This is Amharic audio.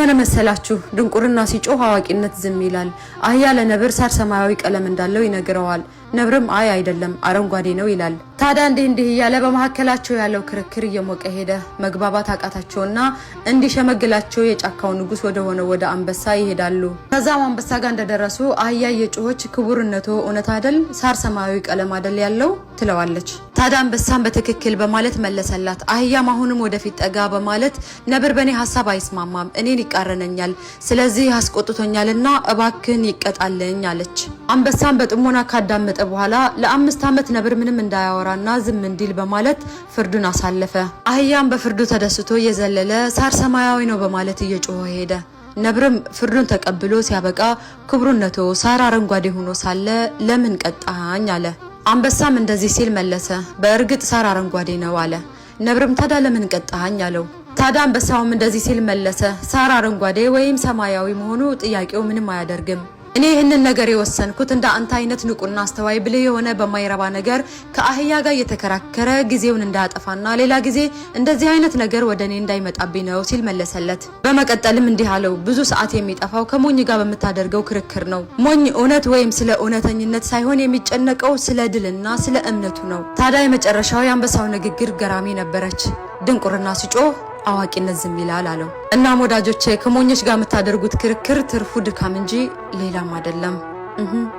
ሆነ መሰላችሁ ድንቁርና ሲጮህ አዋቂነት ዝም ይላል። አህያ ለነብር ሳር ሰማያዊ ቀለም እንዳለው ይነግረዋል። ነብርም አይ አይደለም አረንጓዴ ነው ይላል። ታዲያ እንዲህ እንዲህ እያለ በመካከላቸው ያለው ክርክር እየሞቀ ሄደ። መግባባት አቃታቸውና እንዲሸመግላቸው የጫካው ንጉስ ወደ ሆነው ወደ አንበሳ ይሄዳሉ። ከዛም አንበሳ ጋር እንደደረሱ አህያ የጮኸች ክቡርነቶ እውነት አደል ሳር ሰማያዊ ቀለም አደል ያለው ትለዋለች። ታዲያ አንበሳን በትክክል በማለት መለሰላት። አህያም አሁንም ወደፊት ጠጋ በማለት ነብር በእኔ ሀሳብ አይስማማም፣ እኔን ይቃረነኛል፣ ስለዚህ አስቆጥቶኛልና እባክን ይቀጣልኝ አለች። አንበሳን በጥሞና ካዳመጠ በኋላ ለአምስት ዓመት ነብር ምንም እንዳያወራና ዝም እንዲል በማለት ፍርዱን አሳለፈ። አህያም በፍርዱ ተደስቶ እየዘለለ ሳር ሰማያዊ ነው በማለት እየጮኸ ሄደ። ነብርም ፍርዱን ተቀብሎ ሲያበቃ ክቡርነቶ ሳር አረንጓዴ ሆኖ ሳለ ለምን ቀጣኝ አለ። አንበሳም እንደዚህ ሲል መለሰ፣ በእርግጥ ሳር አረንጓዴ ነው አለ። ነብርም ታዳ ለምን ቀጣሃኝ አለው። ታዳ አንበሳውም እንደዚህ ሲል መለሰ፣ ሳር አረንጓዴ ወይም ሰማያዊ መሆኑ ጥያቄው ምንም አያደርግም እኔ ይህንን ነገር የወሰንኩት እንደ አንተ አይነት ንቁና አስተዋይ ብልህ የሆነ በማይረባ ነገር ከአህያ ጋር እየተከራከረ ጊዜውን እንዳያጠፋና ሌላ ጊዜ እንደዚህ አይነት ነገር ወደ እኔ እንዳይመጣብኝ ነው ሲል መለሰለት። በመቀጠልም እንዲህ አለው፣ ብዙ ሰዓት የሚጠፋው ከሞኝ ጋር በምታደርገው ክርክር ነው። ሞኝ እውነት ወይም ስለ እውነተኝነት ሳይሆን የሚጨነቀው ስለ ድልና ስለ እምነቱ ነው። ታዲያ የመጨረሻው የአንበሳው ንግግር ገራሚ ነበረች። ድንቁርና ሲጮህ አዋቂነት ዝም ይላል አለው። እናም ወዳጆቼ ከሞኞች ጋር የምታደርጉት ክርክር ትርፉ ድካም እንጂ ሌላም አይደለም።